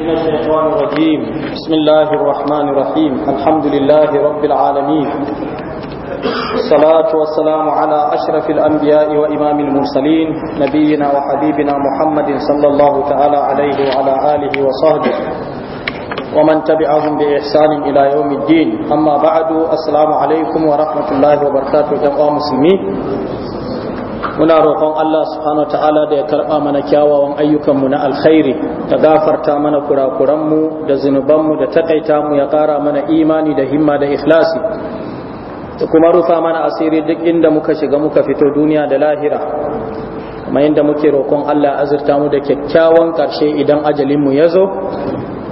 من الشيطان الرجيم بسم الله الرحمن الرحيم الحمد لله رب العالمين الصلاة والسلام على أشرف الأنبياء وإمام المرسلين نبينا وحبيبنا محمد صلى الله تعالى عليه وعلى آله وصحبه ومن تبعهم بإحسان إلى يوم الدين أما بعد السلام عليكم ورحمة الله وبركاته جميع مسلمين muna roƙon Allah subhanahu ta'ala da ya karɓa mana kyawawan ayyukanmu na alkhairi da gafarta mana kurakuranmu da zunubanmu da taƙaita mu ya ƙara mana imani da himma da ikhlasi da kuma rufa mana asiri duk inda muka shiga muka fito duniya da lahira kuma inda muke roƙon Allah azurta mu da kyakkyawan ƙarshe idan ajalinmu ya zo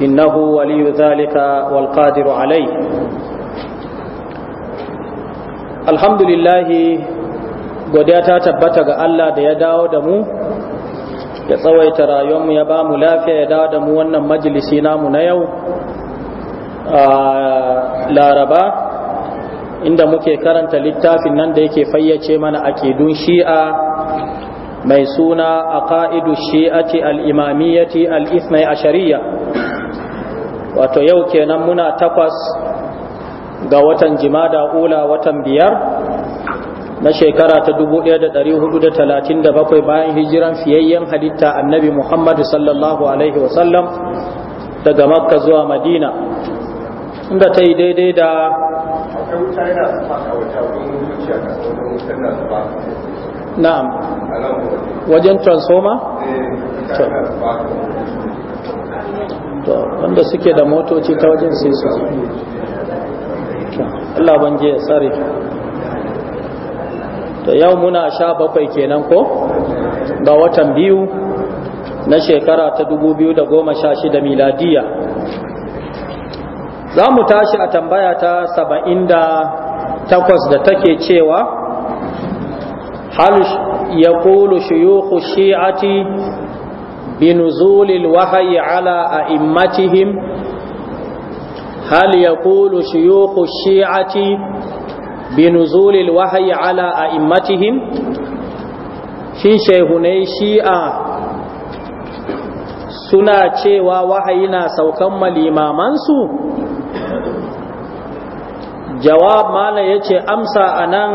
innahu waliyu zalika wal qadiru alai alhamdulillahi godiya ta tabbata ga Allah da ya dawo da mu ya tsawaita rayuwar mu ya ba mu lafiya ya dawo da mu wannan majalisi namu na yau a laraba inda muke karanta littafin nan da yake fayyace mana akidun shi'a mai suna a ka'idu shi'ati al'imamiyyati al'ifnai a shari'a wato yau kenan muna takwas ga watan da ula watan biyar na shekara ta 1437 bayan hijiran fiyayyen halitta annabi Muhammadu sallallahu Alaihi wasallam daga makka zuwa madina inda ta yi daidai da na'am wajen transformer? to wanda suke da motoci ta wajen sai su Allah ban je ya tsare da yau muna sha bakwai kenan ko ga watan biyu na shekara ta da goma sha shida miladiya za mu tashi a tambaya ta saba'in da takwas da take cewa hal ya kulu shuyukhu shi'ati بنزول الوحي على أئمتهم هل يقول a الشيعة بنزول الوحي على أئمتهم شي شيخني شيئا suna cewa wahayi na saukan malimamansu jawab mala ya ce amsa a nan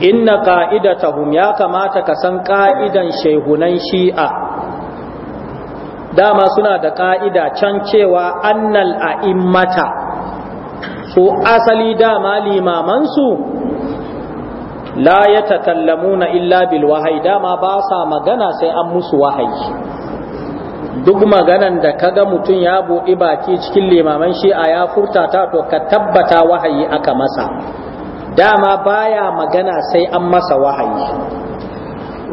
inna tahum ya kamata ka san ka'idan shehunan shi'a dama suna da ka'ida can cewa annal a'immata su asali dama limamansu la ya takallamuna illa bil wahayi dama ba sa magana sai an musu wahayi duk maganan da kaga mutum ya buɗi baki cikin limaman shi'a ya furta ta to ka tabbata wahayi aka masa dama baya magana sai an masa wahayi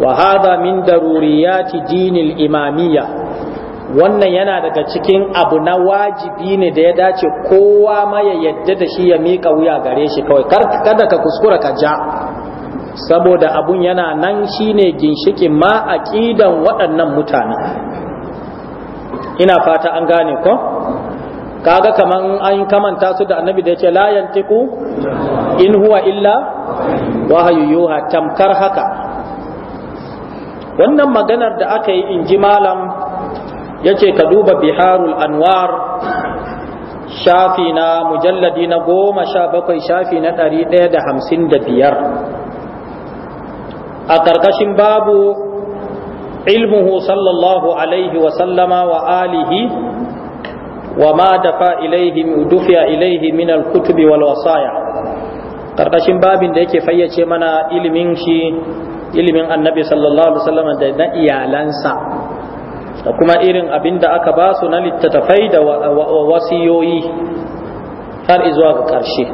wa hada min daruriyati dinil imamiyya wannan yana daga cikin abu na wajibi ne da ya dace kowa ma ya yadda da shi ya miƙa wuya gare shi kawai kada ka kuskura ka ja saboda abun yana nan shine ginshikin ma aqidan waɗannan mutane ina fata an gane ko kaga kaman an kamanta su da annabi da yace la yantiqu in huwa illa wahayu tamkar haka wannan maganar da aka yi in ji malam yace ka duba biharul anwar shafi na mujalladi na goma sha bakwai shafi na ɗari ɗaya da hamsin da biyar a ƙarƙashin babu ilmuhu sallallahu alaihi wa sallama wa alihi wa ma dafa ilaihi dufiya ilaihi min alkutubi wal wasaya ƙarƙashin babin da yake fayyace mana ilimin shi ilimin annabi sallallahu alaihi wa sallama da na iyalansa da kuma irin abin da aka ba su na littattafai da wasiyoyi har izuwa ga ƙarshe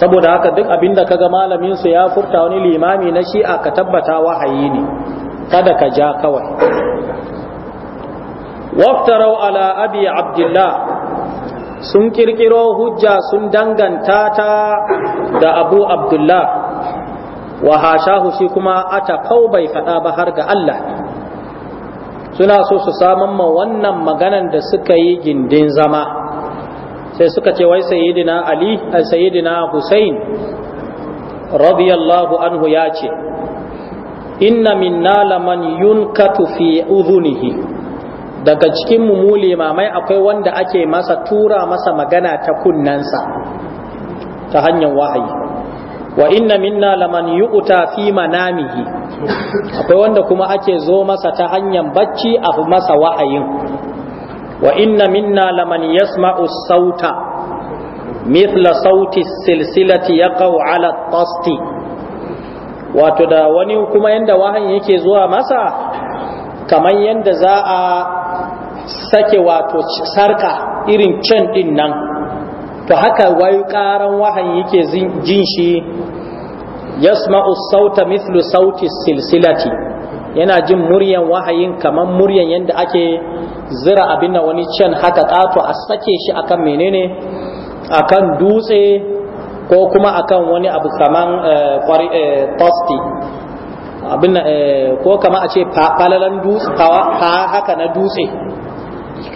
saboda haka duk abin da kaga malamin su ya furta wani limami na shi'a ka tabbata wahayi ne kada ka ja kawai waftarau ala abi abdullah sun kirkiro hujja sun danganta ta da abu abdullah wa hashahu shi kuma ata kau bai faɗa ba har ga Allah suna so su saman ma wannan maganan da suka yi gindin zama sai suka ce wai sayyidina ali eh, sayyidina husain radiyallahu anhu ya ce inna minna laman yunkatu fi udhunihi daga cikin mumuli mamai akwai wanda ake masa tura masa magana ta kunnansa ta hanyar wahayi wa inna minna laman yu'ta fi manamihi akwai wanda kuma ake zo masa ta hanyar bacci a masa wa'ayin wa inna minna laman yasma'u sauta mithla sauti silsilati yaqau ala tasti wato da wani kuma yanda wahayi yake zuwa masa kamar yanda za a sake wato sarka irin can din nan to haka wai karan wahayi yake jin shi yasma'u sauta mithlu sauti silsilati yana jin muryan wahayin kaman muryan yadda ake zira abin da wani can haka ƙato a sake shi akan menene akan dutse ko kuma akan wani abu kaman eh, eh, tosti abin eh, ko kama a ce falalan dutse ha haka na dutse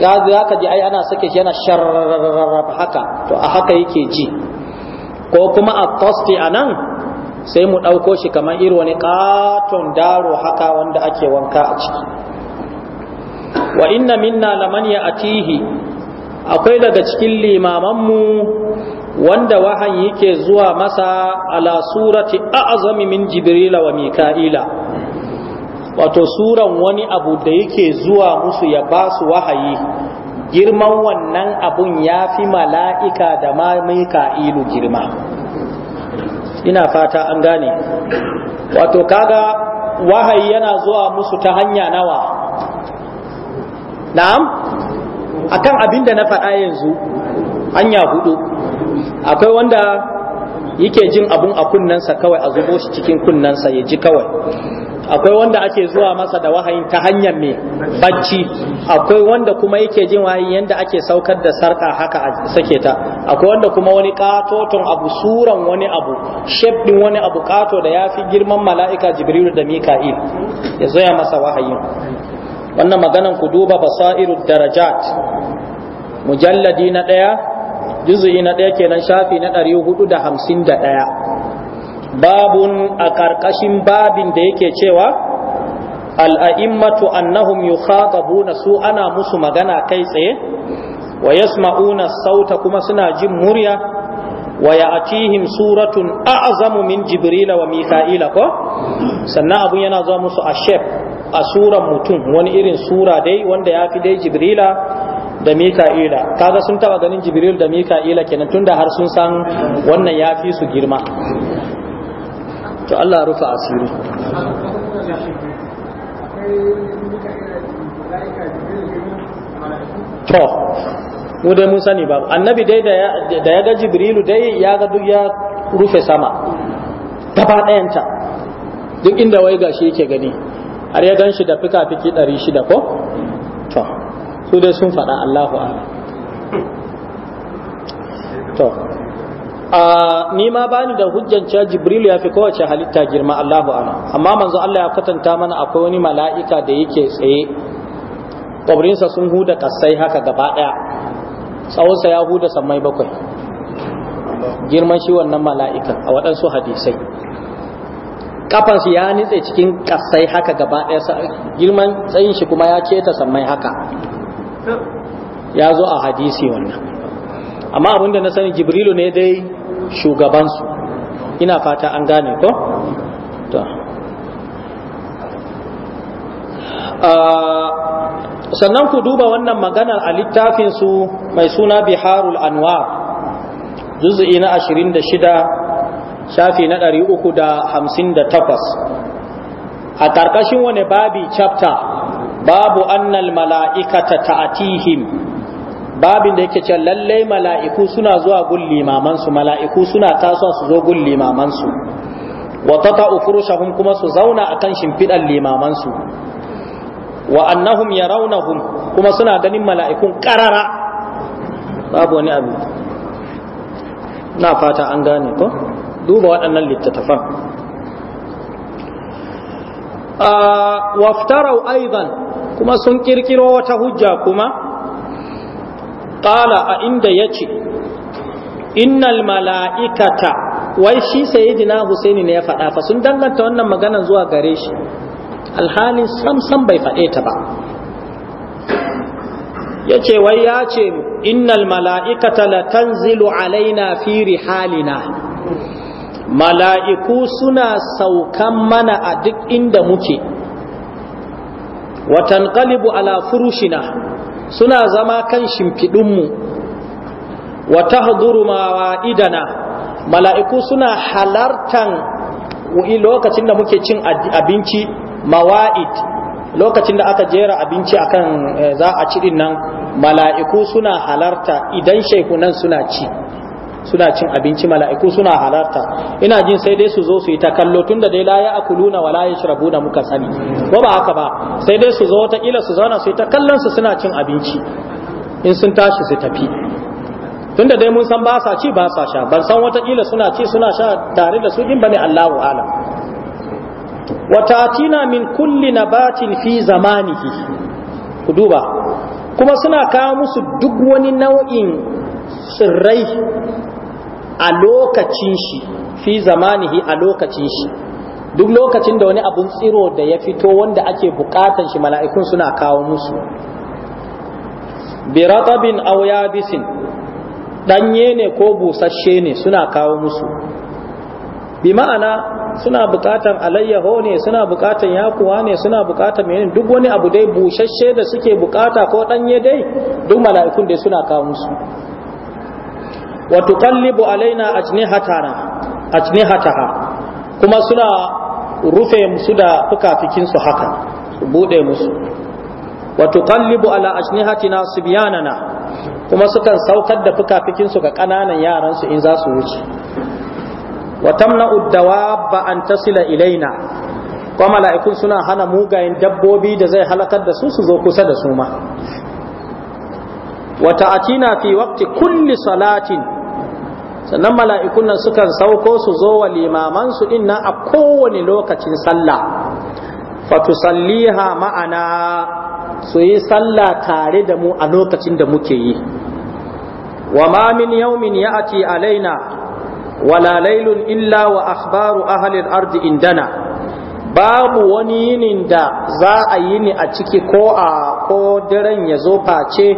za ka ji ai ana sake shi yana sharrarrarraba haka to a haka yake ji ko kuma a tosti anan. nan sai mu ɗauko shi kamar iri wani ƙaton daro haka wanda ake wanka a ciki wa inna minna laman ya atihi akwai daga cikin limamanmu wanda wahan yake zuwa masa ala surati a'zami min jibrila wa mika'ila wato suran wani abu da yake zuwa musu ya ba su wahayi girman wannan abun ya fi mala'ika da ma mika'ilu girma ina fata an gane wato kaga wahayi yana zuwa musu ta hanya nawa na'am akan abin da na faɗa yanzu hanya hudu akwai wanda yake jin abun a kunnensa kawai a zubo shi cikin kunnensa ya ji kawai akwai wanda ake zuwa masa da wahayin ta hanyar mai bacci akwai wanda kuma yake jin wahayi yadda ake saukar da sarka haka a sake ta akwai wanda kuma wani katoton abu suran wani abu shebdin wani abu kato da ya fi girman mala'ika jibrilu da mika'il ya zoya masa wahayin wannan maganan ku duba basairu darajat mujalladi na ɗaya juzu'i na ɗaya kenan shafi na ɗari hudu da hamsin da ɗaya babun a ƙarƙashin babin da yake cewa al'a'immatu annahum na su ana musu magana kai tsaye wa yasma'una sauta kuma suna jin murya wa ya'tihim suratun a'zamu min jibrila wa mika'ila ko sannan abun yana zuwa musu a shef a suran mutum wani irin sura dai wanda ya fi dai jibrila da mika'ila kaga sun taba ganin jibril da mika'ila kenan tunda har sun san wannan ya fi su girma to Allah rufa asiri to mu dai mun sani ba annabi dai da ya ga jibrilu dai ya ga duk ya rufe sama gaba ɗayanta duk inda wai gashi yake gani har ya gan shi da fika-fiki ɗari shida ko? to su dai sun faɗa Allahu to Ah, ni ma bani da hujjan cewa jibril ya fi kowace halitta girma Allahu ana amma manzo Allah ya kwatanta mana akwai wani mala'ika da yake tsaye kwabrinsa sun huda kasai haka gaba daya tsawonsa ya huda sammai bakwai girman shi wannan mala'ikan a waɗansu hadisai kafansu ya nitse cikin kasai haka gaba daya girman tsayin shi kuma ya keta sammai haka ya zo a hadisi wannan amma abinda na sani jibrilu ne dai shugabansu ina fata an gane ko? Ah, sannan ku duba wannan maganar a littafinsu mai suna biharul anwar juzu'i na 26 shafi na 358 a ƙarƙashin wani babi chapter babu annal mala'ikata ta'atihim babin da yake cewa lallai mala'iku suna zuwa gun limamansu mala'iku suna tasowa su zo gun limamansu wa ta furushahum kuma su zauna akan shimfiɗan limamansu wa annahum yarawnahum kuma suna ganin mala'ikun ƙarara babu wani abu na fata an gane ko duba waɗannan littattafan ah, waftarau aidan kuma sun kirkiro wata hujja kuma ƙala a inda yace, ce mala'ikata wai shi Sayyidina husaini ne ya faɗa fa sun danganta wannan maganan zuwa gare shi alhalin sam sam bai faɗe ta ba Yace wai ya ce innal mala'ikata la tanzilu alaina fi rihalina mala'iku suna saukan mana a duk inda muke watan ƙalibu ala furushina suna zama kan shimfiɗinmu wa tahduru mawa'idana mala'iku suna halartan lokacin da muke cin abinci mawa'id lokacin da aka jera abinci akan eh, za a ci nan mala'iku suna halarta idan shaikunan suna ci suna cin abinci mala'iku suna halarta ina jin sai dai su zo su yi ta kallo tunda dai la ya akuluna wa la yashrabuna muka sani ko ba haka ba sai dai su zo ta kila su zauna su yi ta kallon su suna cin abinci in sun tashi su tafi tunda dai mun san ba sa ci ba sa sha ban san wata kila suna ci suna sha tare da su in bane Allahu alam wa tatina min kulli nabatin fi zamanihi ku duba kuma suna kawo musu duk wani nau'in tsirrai a lokacin shi fi zamanihi a lokacin shi duk lokacin da wani abun tsiro da ya fito wanda ake bukatan shi mala'ikun suna kawo musu bi ratabin aw danye ne ko busasshe ne suna kawo musu bi ma'ana suna bukatan alayyaho ne suna bukatan yakuwa ne suna bukatan menene duk wani abu dai bushashe da suke bukata ko danye dai duk mala'ikun dai suna kawo musu wa tuqallibu alaina ajnihatana ajnihataha kuma suna rufe musu da fukafikin su haka su bude musu wa tuqallibu ala ajnihatina subyanana kuma sukan saukar da fukafikinsu su ga kananan yaran su in za su wuce wa tamna'u dawabba an tasila ilaina kuma mala'ikun suna hana mugayen dabbobi da zai halakar da su su zo kusa da su ma wa ta'atina fi waqti kulli salatin sannan mala'ikun nan sukan sauko su zo wa limamansu inna a kowane lokacin sallah fatusalliha ma'ana su yi sallah tare da mu a lokacin da muke yi wa ma min ya ake alaina wala lailun illa wa akhbaru ahalin ardi indana babu wani yinin da za a yi ni a ciki ko a ko daren ya zo face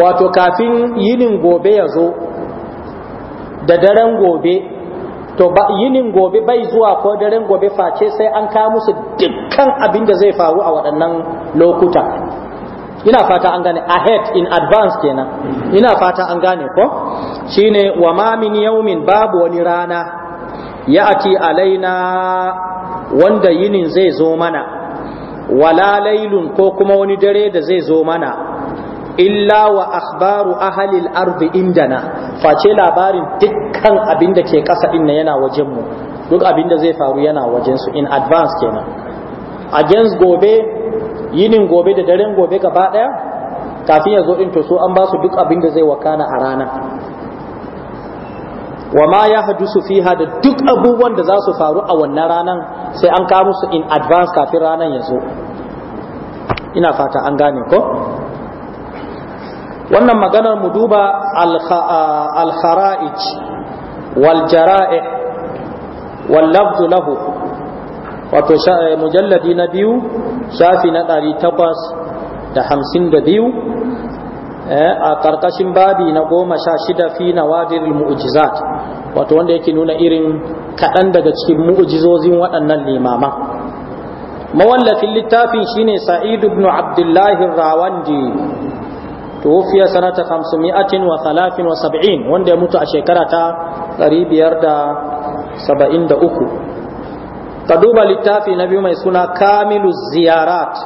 wato kafin yinin gobe ya zo da daren gobe to yinin gobe bai zuwa ko daren gobe face sai an kawo musu dukkan abin da zai faru a waɗannan lokuta ina fata an gane ahead in advance kenan ina fata an gane ko shine wa ma min yaumin babu wani rana ya'ti alaina wanda yinin zai zo mana wala lailun ko kuma wani dare da zai zo mana illa wa akhbaru ahalil ardi indana face labarin dukkan abin da ke ƙasa din yana wajen mu duk abin da zai faru yana wajen su in advance kenan against gobe yinin gobe da daren gobe gaba daya kafin ya zo din to so an ba su duk abin da zai wakana a rana wa ma ya hadusu fiha da duk abubuwan da za su faru a wannan ranan sai an kawo musu in advance kafin ranan ya zo ina fata an gane ko wannan maganar mu duba ah, al-khara'ij wal jara'i wal lahu wato eh, mujalladi na biyu shafi na ɗari takwas da hamsin da biyu eh, a ƙarƙashin babi na goma sha shida fi na wajirin mu'ujizat wato wanda yake nuna irin kaɗan daga cikin mu'ujizozin waɗannan limaman mawallafin littafin shine sa'idu ibn abdullahi rawandi tuwfiya sanata 573 wanda ya mutu a shekara ta 573 ka duba littafi na biyu mai suna kamilu ziyarat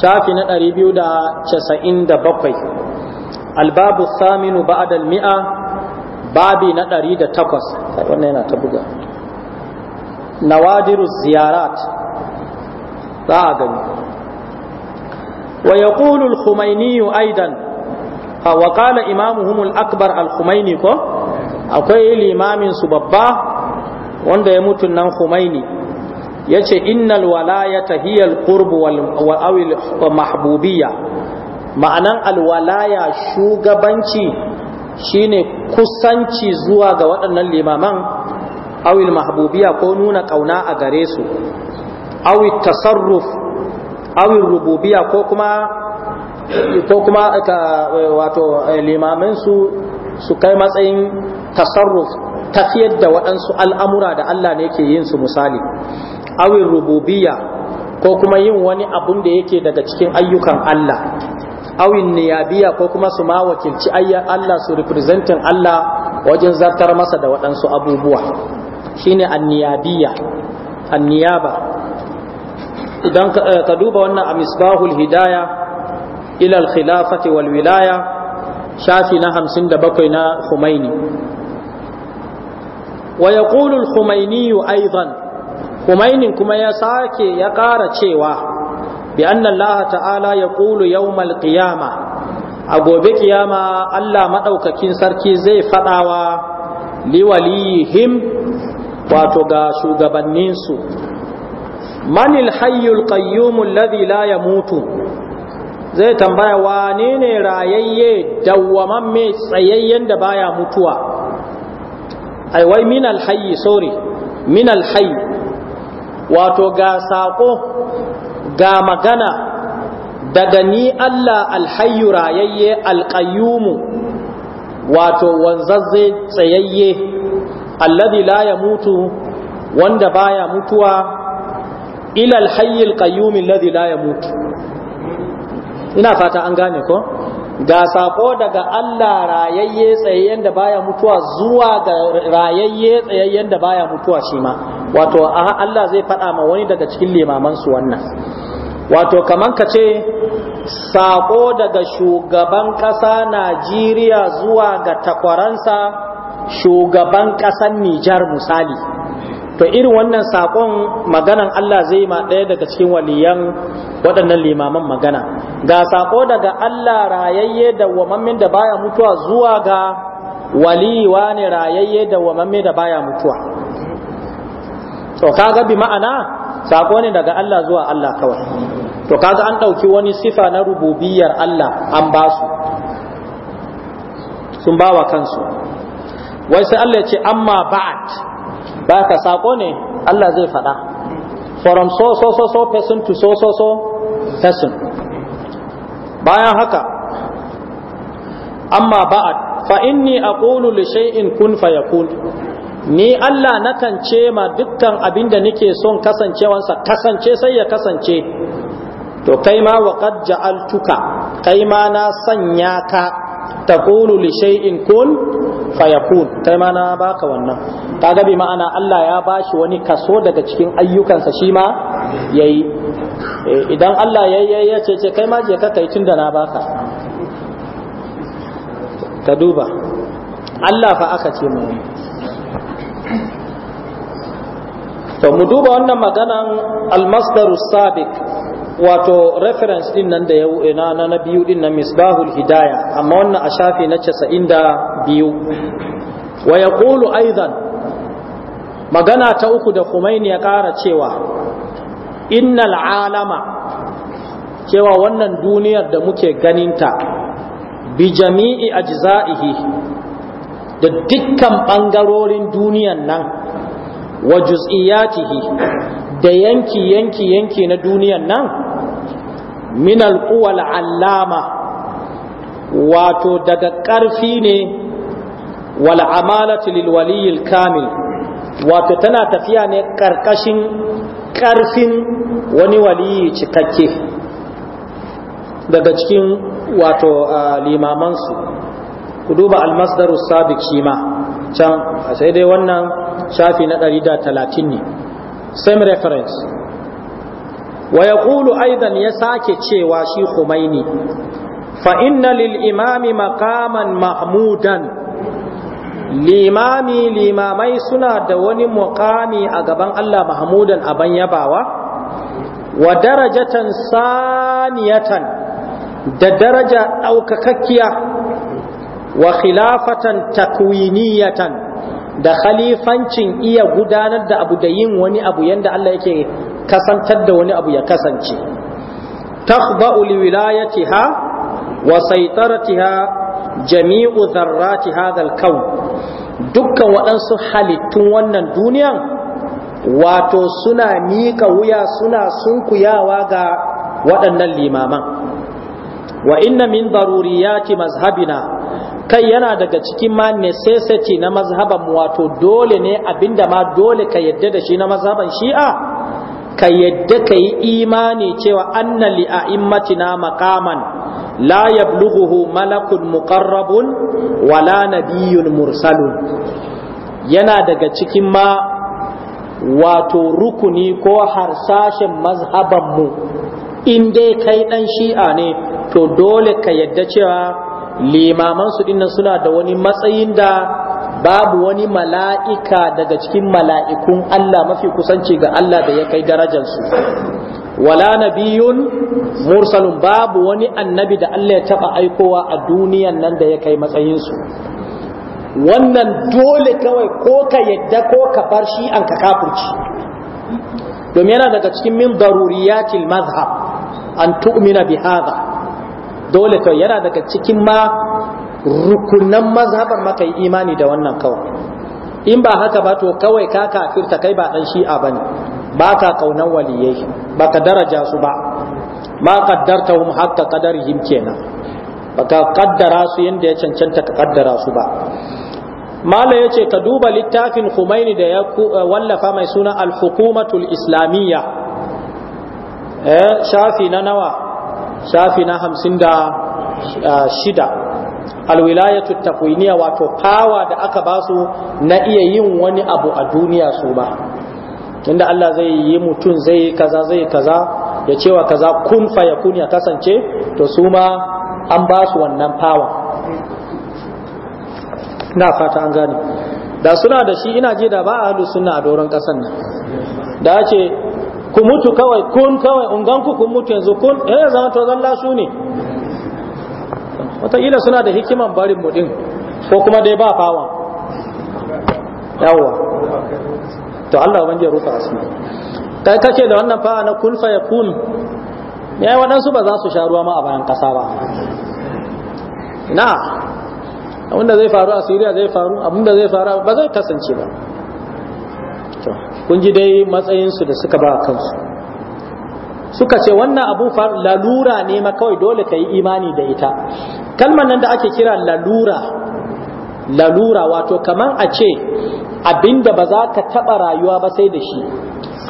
shafi na 297 albabu saminu ba'da babi na 108 wannan yana ta buga nawadiru ziyarat za a gani ويقول الخميني أيضا وقال إمامهم الأكبر الخميني كو أقول الإمام سببا وند يموت النام خميني يتي إن الولاية هي القرب أو المحبوبية معنى الولاية شو قبنشي shine kusanci zuwa ga waɗannan limaman awil mahbubiya ko nuna ƙauna a gare su awil tasarruf awin rububiya ko kuma ko kuma wato eh, limamin su su kai matsayin tasarruf tafiyar da waɗansu al'amura da Allah ne yake yin su misali awin rububiya ko kuma yin wani abun da yake daga cikin ayyukan Allah awin niyabiya ko kuma su ma wakilci Allah su representin Allah wajen zartar masa da waɗansu abubuwa shine anniyabiya anniyaba idan eh, ka duba wannan a misbahul hidaya ilal khilafati wal wilaya shafi na hamsin da bakwai na Khumaini wa ya ƙulul Khumainiyu aizan Khumainin kuma ya sake ya ƙara cewa bi annan laha ta'ala ya ƙulu yawmal qiyama a gobe kiyama Allah maɗaukakin sarki zai faɗawa liwaliyihim wato ga shugabanninsu manil hayyul qayyum alladhi la yamutu zai tambaya wane ne rayayye dawwamamme tsayayyen da baya mutuwa ai wai minal hayyi sorry minal hayy wato ga sako ga magana daga ni Allah alhayyu rayayye alqayyumu wato wanzazze tsayayye alladhi ya mutu wanda baya mutuwa ila alhayyil qayyum alladhi la yamut ina fata an gane ko ga sako daga Allah rayayye tsayayyen da baya mutuwa zuwa ga rayayye tsayayyen da baya mutuwa shi ma wato Allah zai faɗa ma wani daga cikin limaman su wannan wato kaman ka ce sako daga shugaban ƙasa Najeriya zuwa ga takwaransa shugaban ƙasar Nijar misali To irin wannan saƙon maganan Allah zai ma ɗaya daga cikin waliyan waɗannan limaman magana ga saƙo daga Allah rayayye da wamammin da baya mutuwa zuwa ga wali ne rayayye da wamamme da baya mutuwa to kaga bi ma'ana saƙo ne daga Allah zuwa Allah kawai to kaga an ɗauki wani sifa na rububiyar Allah an ba su sun ba wa kansu wai sai Allah ya ce amma ba'at ba ka sako ne Allah zai faɗa from so so so so person to so so so person bayan haka amma ba'ad fa inni aqulu li shay'in kun fayakun ni Allah nakan ce ma dukkan abinda nake son kasancewansa kasance sai ya kasance to kai ma wa qad ja'altuka kai ma na sanya ka taqulu li shay'in kun fayakun kai na baka wannan kaga bi ma'ana Allah ya bashi wani kaso daga cikin ayyukansa shi ma yayi eh, idan Allah ya ce ce kai ma je ka kai tunda na baka ta duba Allah fa aka ce mu to mu duba wannan maganan al-masdaru sabiq wato reference din nan da ya eh, na na na biyu din nan misbahul hidaya amma wannan a shafi na casa'in 92 wa yaqulu Aizan magana ta uku da kumaini ya ƙara cewa innal alama cewa wannan duniyar da muke ganinta bi jami'i ajza'ihi da dukkan ɓangarorin duniyan nan wa juz'iyatihi da yanki yanki yanki na duniyan nan min alquwal allama wato daga ƙarfi ne wal amalatu lil waliyil kamil wato tana tafiya ne karkashin ƙarfin wani waliyi cikakke daga cikin wato limamansu ku duba almasdaru sabiq shima ma can sai dai wannan shafi na 130 ne same reference wa yaqulu aidan ya sake cewa shi Khomeini fa inna lil imami maqaman mahmudan limami limamai suna da wani muqami a gaban Allah mahmudan ban yabawa wa darajatan saniyatan da daraja daukakakkiya wa khilafatan takwiniyatan da khalifancin iya gudanar da abu da yin wani abu yanda Allah yake kasantar da wani abu ya kasance takhda'u liwilayatiha wa saitaratiha jami'u dharrati hadha al-kawn dukkan waɗansu halittun wannan duniyan wato suna miƙa wuya suna sunkuyawa ga waɗannan limaman wa inna min daruriyati mazhabina kai yana daga cikin ma necessity na mazhaban wato dole ne abinda ma dole ka yadda da shi na mazhaban shi'a ka yadda ka yi imani cewa anna li a'immatina maqaman la yablughuhu malakun muqarrabun wala nabiyyun mursalun yana daga cikin ma wato rukuni ko harsashen mazhaban mu in dai kai dan shi'a ne to dole ka yadda cewa limaman su dinnan suna da wani matsayin da babu wani mala'ika daga cikin mala'ikun Allah mafi kusanci ga Allah da ya kai darajarsu wala nabiyun mursalun babu wani annabi da Allah ya taɓa aikowa a duniyan nan da ya kai matsayinsu wannan dole kawai ko ka yadda ko ka bar shi an ka kafurci domin yana daga cikin min daruriyatil mazhab an tu'mina bi hadha dole to yana daga cikin ma rukunan mazhabar maka yi imani da wannan kawai in ba haka ba to kawai ka kafirta kai ba dan shi'a bane ba ka kaunan waliyai ba ka daraja su ba Ba ka ma qaddartahum haqqa qadarihim kenan ba ka kaddara su yadda ya cancanta ka kaddara su ba mala ya ce ka duba littafin Khomeini da ya eh, wallafa mai suna al-hukumatul islamiyya eh shafi na nawa shafi na hamsin da ah, shida alwilayatu takwiniya wato fawa da aka ba su na iya yin wani abu a duniya su ba Inda Allah zai yi mutum zai kaza zai kaza ya cewa kaza kun kun ya kasance to su ma an ba su wannan fawa na fata an gane da suna da shi ina je da ba a suna a doron kasan nan da ce ku mutu kawai kun kawai unganku kun mutu yanzu kun eh zama to zalla su ne wataƙila suna da hikiman barin muɗin ko kuma dai ba fawa yawwa to Allah ban ya rufa asma kai kake da wannan fa na kun fa yakun yayi waɗansu ba za su sha ruwa ma a bayan ƙasa ba na wanda zai faru a Syria zai faru abinda zai faru ba zai kasance ba kun ji dai matsayinsu da suka ba kansu suka ce wannan abu lalura ne ma kawai dole ka yi imani da ita kalmar nan da ake kira lalura lalura wato kaman a ce abinda ba za ka taɓa rayuwa ba sai da shi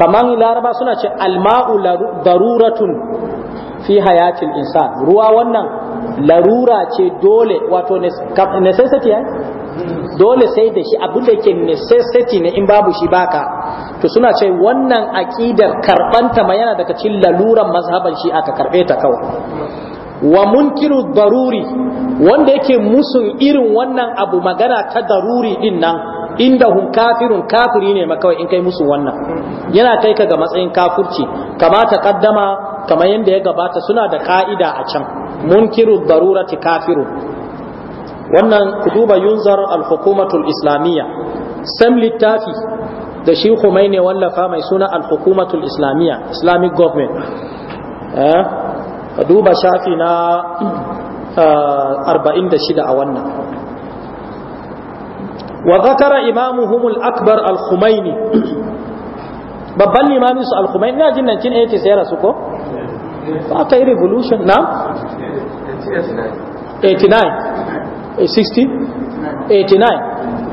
kaman laraba suna ce alma'u daruratun fi hayatin insan ruwa wannan larura ce dole wato necessity eh? dole sai da shi abinda ke necessity ne in babu shi baka to suna ce wannan aƙidar karɓanta ma yana daga cikin laluran mazhaban shi aka karɓe ta kawai wa munkiru daruri wanda yake musun irin wannan abu magana ta daruri din nan inda hun kafirun kafiri ne ma kawai in kai musu wannan yana kai ka ga matsayin kafurci kamata ta kaddama kamar yanda ya gabata suna da ka'ida a can munkiru darurati kafiru wannan kuduba yunzar al-hukumatul islamiyya sam littafi da shi Khomeini ya wallafa mai suna al-hukumatul islamiyya islamic government eh duba shafi na 46 eh, a wannan wa zakara imamuhum al-akbar al khumaini babban limamin su al-Khomeini na jin 1980 sai rasu ko ba ta yi revolution na 89 89 89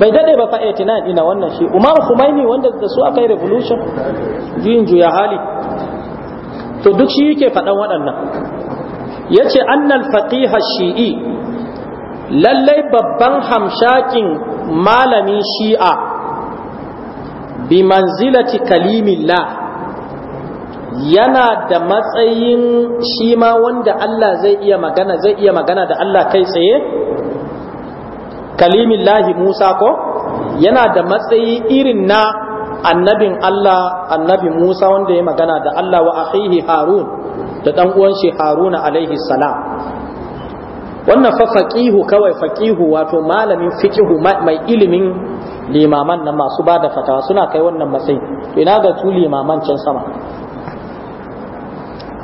bai dade ba fa 89 ina wannan shi Umar Khumaini, wanda da su aka yi revolution juyin juya hali to duk shi yake faɗan waɗannan yace annal faqiha shi'i lallai babban hamshakin malamin shi'a bi manzilati kalimillah yana da matsayin shi ma wanda Allah zai iya magana zai iya magana da Allah kai tsaye kalimillahi Musa ko yana da matsayi irin na annabin Allah annabi Musa wanda ya magana da Allah wa akhihi Harun da dan uwan shi Haruna alaihi salam wannan fa faqihu kawai faqihu wato malamin fiqihu mai ilimin limaman nan masu bada fatawa suna kai wannan matsayi ina ga su limaman can sama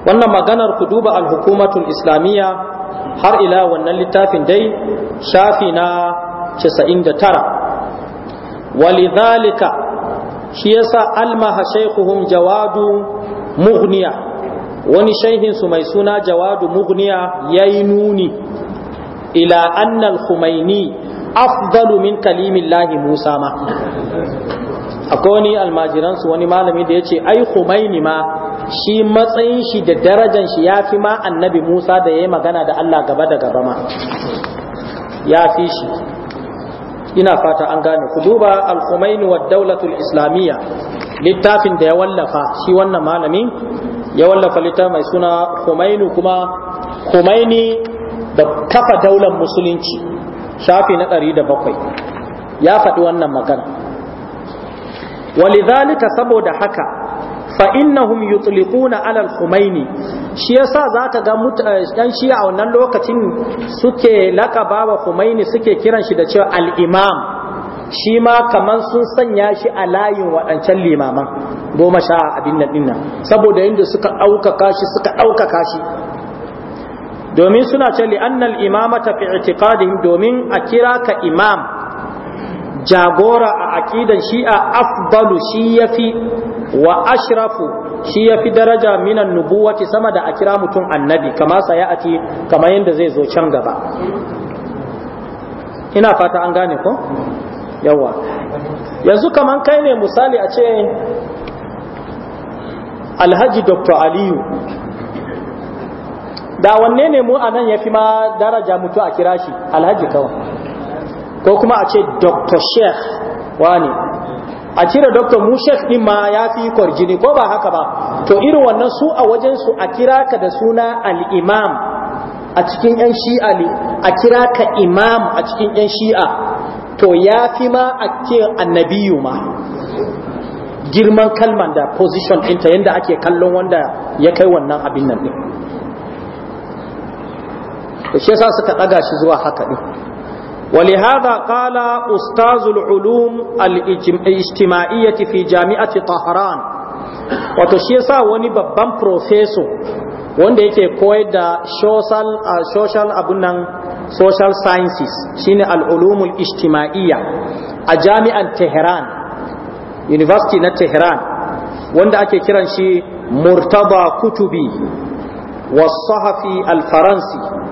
wannan maganar ku duba al-hukumatul islamiyya har ila wannan littafin dai shafi na 99 walidhalika shi yasa almaha shaykhuhum jawadu mughniya wani shaihin su mai suna jawadu mughniya yayi nuni ila annal khumaini afdalu min kalimillahi Musa ma akwai wani almajiransu wani malami da ya ce ai Khumaini ma shi matsayin shi da darajan shi ya fi ma annabi Musa da ya yi magana da Allah gaba da gaba ma ya fi shi ina fata an gane ku duba al-Khumaini wa daulatul islamiyya littafin da ya wallafa shi wannan malamin ya wallafa littafin mai suna Khumaini kuma Khumaini da kafa daular musulunci shafi na ɗari da bakwai ya faɗi wannan magana walizalika saboda haka fa innahum yutliquna ala al-khumaini shi yasa zaka ga dan eh, shi a wannan lokacin suke lakabawa wa khumaini suke kiran shi da cewa al-imam shi ma kaman sun sanya shi a layin waɗancan limaman goma sha abin nan saboda yadda suka ɗaukaka shi suka ɗaukaka shi domin suna ce li'annal imamata fi i'tiqadihim domin a kira ka imam jagora a aqidan shi'a afdalu shi yafi wa ashrafu shi yafi daraja minan nubuwati sama da a kira mutum annabi kama sayati kama yanda zai zo can gaba ina fata an gane ko yawa yanzu kaman kai ne misali a ce alhaji dr aliyu da wanne ne mu anan ya fi ma daraja mutu a kira shi alhaji kawai ko kuma a ce dr sheikh wani a cire dr mu sheikh din ma ya fi kwarjini ko ba haka ba to irin wannan su a wajen su a kira ka da suna al-imam a cikin yan shi'a ne a kira ka imam a cikin yan shi'a to ya fi ma a ce annabiyu ma girman kalman da position ɗinta yadda ake kallon wanda ya kai wannan abin nan ɗin da shi yasa suka ɗaga shi zuwa haka ɗin ولهذا قال أستاذ العلوم الاجتماعية wato جامعة طهران وتشيسا وني ببان بروفيسور wanda yake koyar da social abunan social sciences shine al'ulumul ijtima'iyya a jami'an Tehran university na Tehran wanda ake kiran shi Murtaba Kutubi was-Sahafi al-Faransi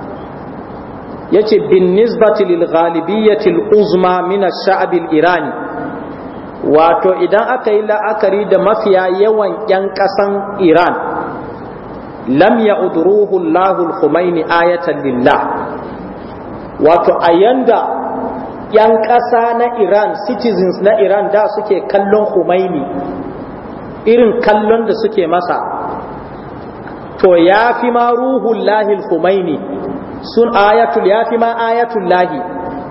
yace bin nisbati lil ghalibiyyati al uzma min ash al irani wato idan aka yi la'akari da mafiya yawan yan kasan iran lam ya'udruhu allah al khumaini ayatan lillah wato ayanda yan kasa na iran citizens na iran da suke kallon khumaini irin kallon da suke masa to ya fi ma ruhun lahil khumaini sun ayatul ya fi ma ayatul lahi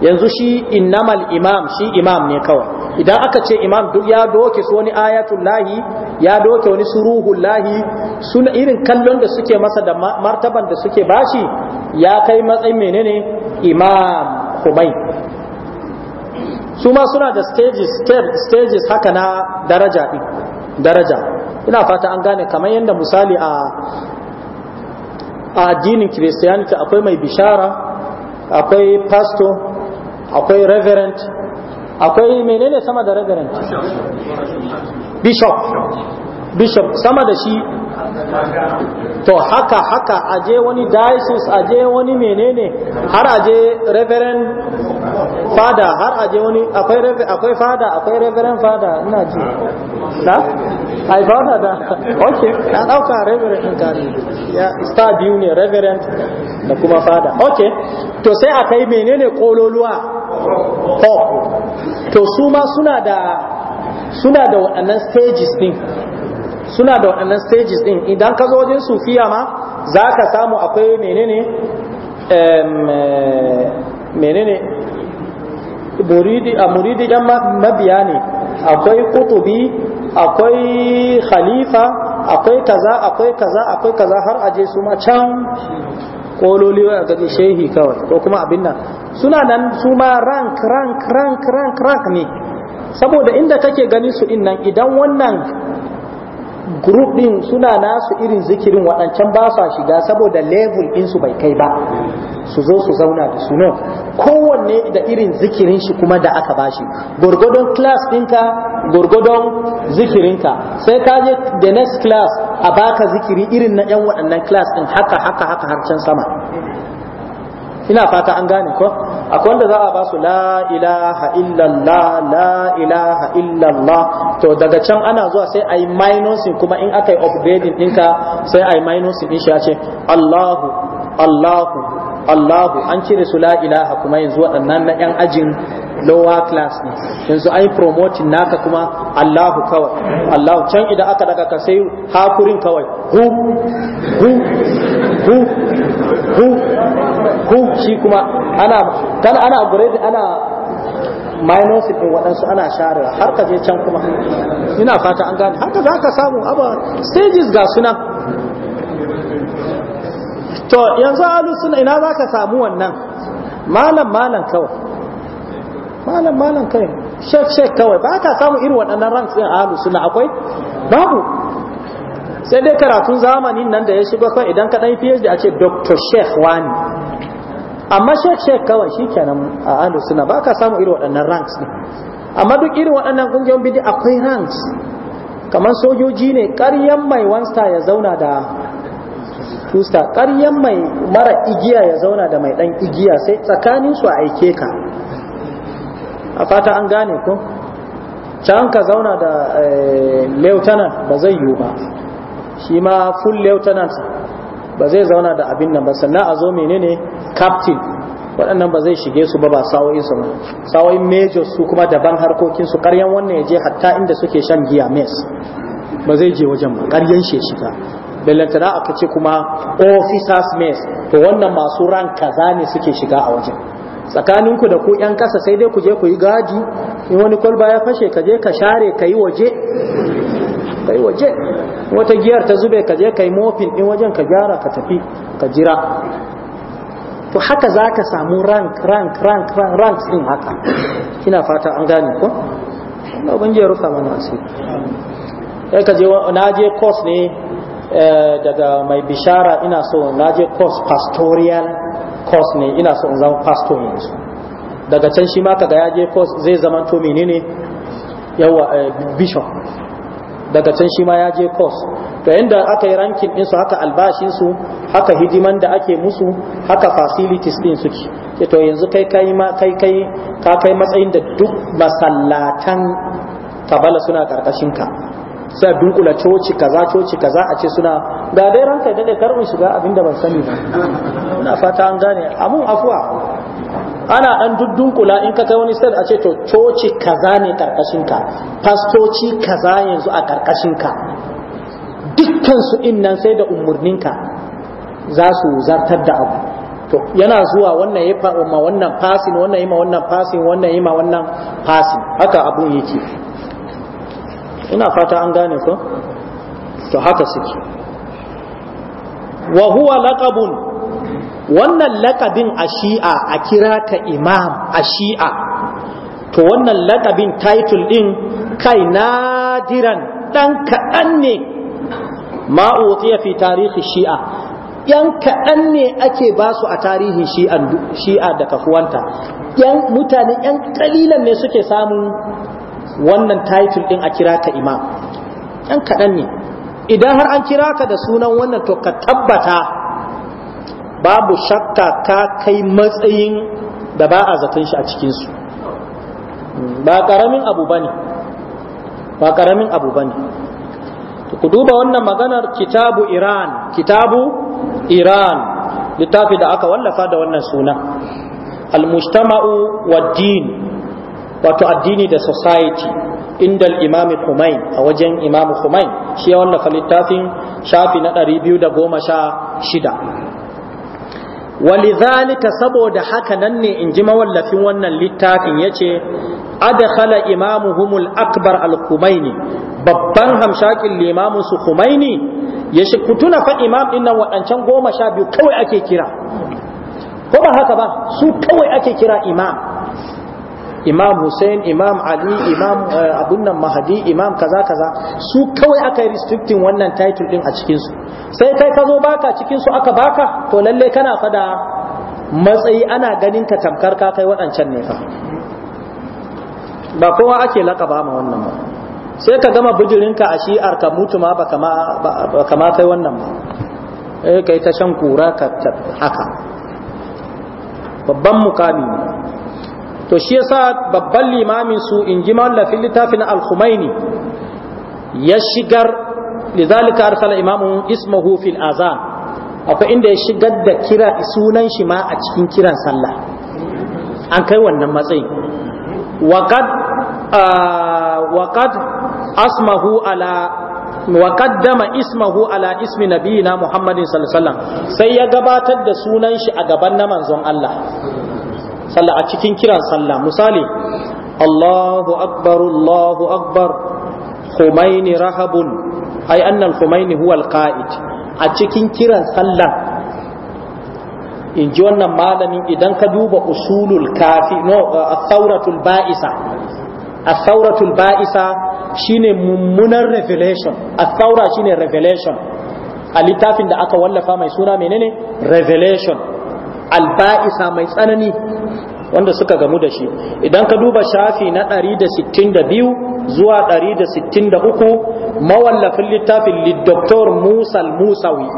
yanzu shi innamal imam shi imam ne kawai idan aka ce imam duk ya doke su wani ayatul lahi ya doke wani suruhul lahi sun irin kallon da suke masa da martaban da suke bashi ya kai matsayin menene imam kumai su ma suna da stages step stages haka na daraja daraja ina fata an gane kamar yadda misali a a addinin kiristiyanci akwai mai bishara akwai pastor akwai reverend akwai menene sama da reverend bishop bishop sama da shi to haka haka aje wani diocese aje wani menene har aje reverend fada har aje wani akwai fada akwai reverend fada ina ji na ai fada da okay na dauka reverend din kare ya star biyu ne reverend da kuma fada okay to sai akai menene kololuwa to to su ma suna da suna da waɗannan stages din suna da waɗannan stages ɗin idan ka zo wajen sufiya ma za ka samu akwai menene eh, menene muridi yan mabiya ne akwai kutubi akwai khalifa akwai kaza akwai kaza akwai kaza har aje su ma can kololi a gaji shehi kawai ko kuma abin nan suna nan su ma rank rank rank rank rank ne saboda inda kake gani su innan idan wannan group din suna nasu irin zikirin waɗancan ba sa shiga saboda level su bai kai ba su zo su zauna da su kowanne da irin zikirin shi kuma da aka bashi gwargwadon class ɗinka gwargwadon zikirinka sai ka je the next class a baka zikiri irin na yan waɗannan class ɗin haka haka haka har can sama ina fata an gane ko akwai wanda za a ba su la ilaha illallah la ilaha illallah to daga can ana zuwa sai a yi minusin kuma in aka yi upgrading dinka sai a yi minusin ɗin shi ya ce Allahu Allahu Allahu an cire su la ilaha kuma yanzu waɗannan na ‘yan ajin lower class ne yanzu an yi promoting naka kuma Allahu kawai Allahu can idan aka daga ka sai hakurin kawai hu hu hu hu hu shi kuma ana kana ana upgrade ana minus din waɗansu ana sharewa har ka je can kuma ina fata an gane haka za ka samu aba stages ga suna to yanzu alu suna ina za ka samu wannan malam malam kawai malam malam kai shek shek kawai ba ka samu irin waɗannan ranks din alu suna akwai babu sai dai karatun zamanin nan da ya shiga kawai idan ka ɗan PhD a ce Dr. Sheikh wani amma Sheikh Sheikh kawai shi kenan a ahlus suna ba ka samu irin waɗannan ranks ne amma duk irin waɗannan ƙungiyoyin bidi akwai ranks kamar sojoji ne ƙaryan mai one star ya zauna da two star ƙaryan mai mara igiya ya zauna da mai ɗan igiya sai tsakanin su a aike ka a fata an gane ko can ka zauna da eh, lieutenant ba zai yiwu ba shi ma full lieutenant ba zai zauna da abin nan ba sannan a zo menene captain waɗannan ba zai shige su ba ba sawoyin su ba sawoyin major su kuma daban harkokin su karyan wannan ya je hatta inda suke shan giya mess ba zai je wajen ba ƙaryan shi shiga bellantana aka ce kuma officers mess to wannan masu ran kaza ne suke shiga a wajen ku da ku yan kasa sai dai ku je ku yi gadi in wani kwalba ya fashe ka je ka share ka yi waje kai waje wata giyar ta zube ka je kai mofin din wajen ka gyara ka tafi ka jira to haka za ka samu rank rank rank rank din haka Kina fata an gane ko Allah ban ya rufa mana asiri sai ka je na je course ne eh, daga mai bishara ina so na je course pastoral course ne ina so in zama pastor yanzu daga can shi ma kaga ya je course zai zama to menene yawa eh, bishop daga can shi ma ya je course to yanda aka yi rankin din su haka albashin su haka hidiman da ake musu haka facilities din su ke eh, to yanzu kai kai ma kai kai ka kai matsayin da duk masallatan kabala suna karkashin ka sai dunkula coci kaza coci kaza a ce suna ga dai ranka da kar mu shiga abinda ban sani ba ina fata an gane amun afuwa ana dan kula in ka kai wani state a ce to coci kaza ne karkashin ka fastoci kaza yanzu a karkashin ka dukkan su nan sai da umurnin ka za su zartar da abu to yana zuwa wannan ya fa ma wannan fasin wannan yi ma wannan fasin wannan yi ma wannan fasin haka abun yake ina fata an gane ko to haka suke wa huwa laqabun wannan lakabin a shi'a a kira ka imam a shi'a to wannan lakabin title din kai nadiran dan kaɗan ne ma'utiya fi tarihi shi'a yan kaɗan ne ake ba su a tarihin shi'a da kafuwanta yan mutane yan kalilan ne suke samun wannan title din a kira ka imam yan kaɗan ne idan har an kira ka da sunan wannan to ka tabbata babu shakka ka kai matsayin da ba a zaton shi a cikinsu ba ƙaramin abu ba ba ƙaramin abu ba ne ku duba wannan maganar kitabu iran kitabu iran littafi da aka wallafa da wannan suna al-mujtama'u wa din wato addini da society indal imam Humain a wajen imam Kumain shi ya wallafa littafin shafi na 216 walidhalika saboda haka nan ne in ji mawallafin wannan littafin yace adkhala imamuhumul akbar al-kumaini babban hamshakin limamin su kumaini ya shi kutuna fa imam din nan waɗancan goma sha biyu kawai ake kira ko ba haka ba su kawai ake kira imam imam hussein imam ali imam eh, abun nan mahadi imam kaza kaza su kawai aka yi restricting wannan title din a cikinsu sai kai ka zo baka cikinsu aka baka to lalle kana fada matsayi ana ganin ka tamkar ka kai waɗancan ne fa ba kowa ake laƙaba ma wannan ba sai ka gama bijirinka a shi'ar ka mutu ma ba kama kai wannan ba eh kai ta shan kura ka haka babban mukami ne to shi yasa babban limamin su in ji mallafin littafin al-Khumaini ya shigar lidhalika arsala imamun ismahu fil azan akwai inda ya shigar da kira sunan shi ma a cikin kiran sallah an kai wannan matsayi waqad waqad asmahu ala وقدم اسمه على اسم نبينا محمد صلى الله عليه sai ya gabatar da sunan shi a gaban na manzon Allah sallah a cikin kiran sallah misali Allahu akbar Allahu akbar Khomeini rahabun ai annal Khomeini huwa alqa'id a cikin kiran sallah in ji wannan malamin idan ka duba usulul kafi no uh, athauratul ba'isa athauratul ba'isa shine mummunar revelation athaura shine revelation a littafin da aka wallafa mai suna menene revelation alba'isa mai tsanani wanda suka gamu da shi idan ka duba shafi na 162 zuwa 163 mawallafin littafin Dr. Musal Musawi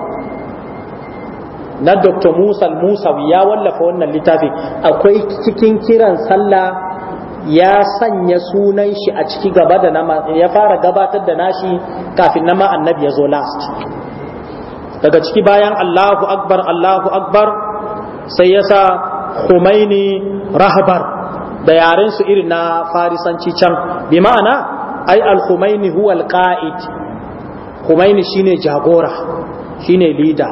na Dr. Musal Musawi ya wallafa wannan littafin akwai cikin kiran sallah ya sanya sunan shi a ciki gaba da nama ya fara gabatar da nashi kafin nama annabi ya zo last daga ciki bayan Allahu akbar Allahu akbar sai ya sa Khomeini Rahbar da yaren su irin na farisanci can bi ma'ana ai al-Khomeini huwa al-qa'id Khomeini shine jagora shine leader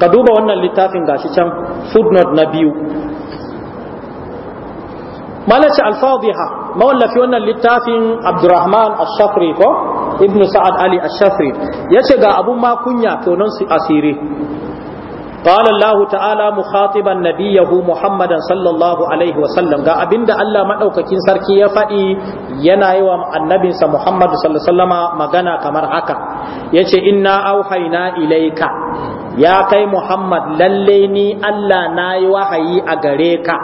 ka duba wannan littafin gashi can footnote na biyu malaci al-fadhiha mawallafi wannan littafin Abdurrahman Ash-Shafri ko Ibn Sa'ad Ali Ash-Shafri yace ga abun ma kunya nan su asiri قال الله تعالى مخاطبا نبيه محمدا صلى الله عليه وسلم ga abinda Allah madaukakin sarki ya faɗi yana yi wa annabinsa Muhammad sallallahu alaihi magana kamar haka yace inna auhayna ilaika ya kai Muhammad lallai ni Allah na yi wahayi a gare ka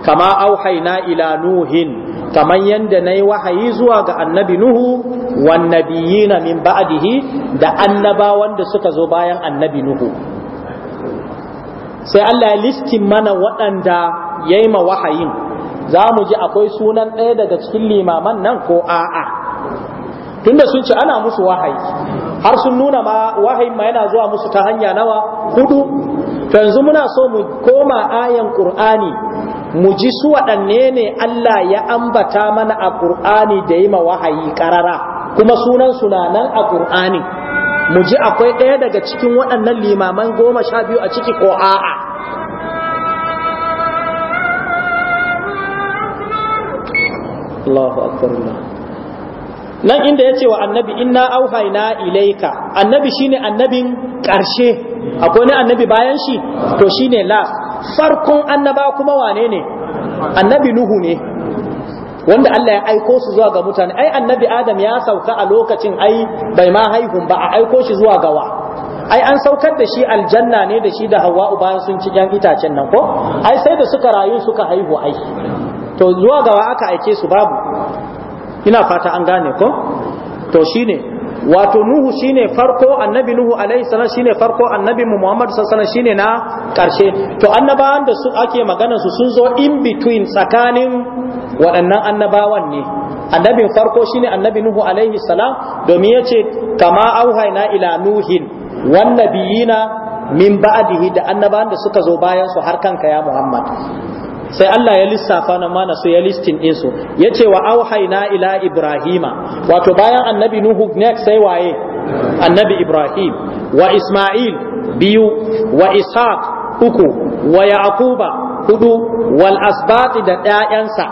kama auhayna ila nuhin kamar yadda na yi wahayi zuwa ga annabi Nuhu wan nabiyina min ba'dihi da annabawan da suka zo bayan annabi Nuhu sai Allah ya listin mana waɗanda ya yi wahayin za mu ji akwai sunan ɗaya daga cikin limaman nan ko a'a tunda sun ce ana musu wahayi har sun nuna ma wahayin ma yana zuwa musu ta hanya nawa hudu yanzu muna so mu koma ayan qur'ani mu ji su waɗanne ne Allah ya ambata mana a qur'ani da yi ma wahayi karara kuma sunan sunanan a qur'ani mu ji akwai ɗaya daga cikin waɗannan limaman goma sha biyu a ciki ko a'a nan inda ya ce wa annabi inna auhaina ilaika annabi shine annabin ƙarshe akwai ne annabi bayan shi to shine la farkon annaba kuma wane ne annabi nuhu ne wanda Allah ya aiko su zuwa ga mutane ai annabi adam ya sauka a lokacin ai bai ma haihun ba a aiko shi zuwa gawa. wa ai an saukar da shi aljanna ne da shi da hawa bayan sun ci yan itacen nan ko ai sai da suka rayu suka haihu ai to zuwa gawa aka aike su babu ina fata an gane ko to shine wato nuhu shine farko annabi nuhu alaihi salam shine farko annabi mu muhammad sallallahu alaihi shine na karshe to annabawan da su ake magana su sun zo in between tsakanin waɗannan annabawan ne annabin farko shine annabi nuhu alaihi salam domin yace kama auhaina ila nuhin wan nabiyina min ba'dihi da annabawan da suka zo bayan su har kanka ya muhammad sai Allah ya lissafa nan mana su ya listin din su yace wa auhaina ila ibrahima wato bayan annabi nuhu next sai waye annabi ibrahim wa isma'il biyu wa ishaq uku wa yaquba hudu wal asbati da ɗayansa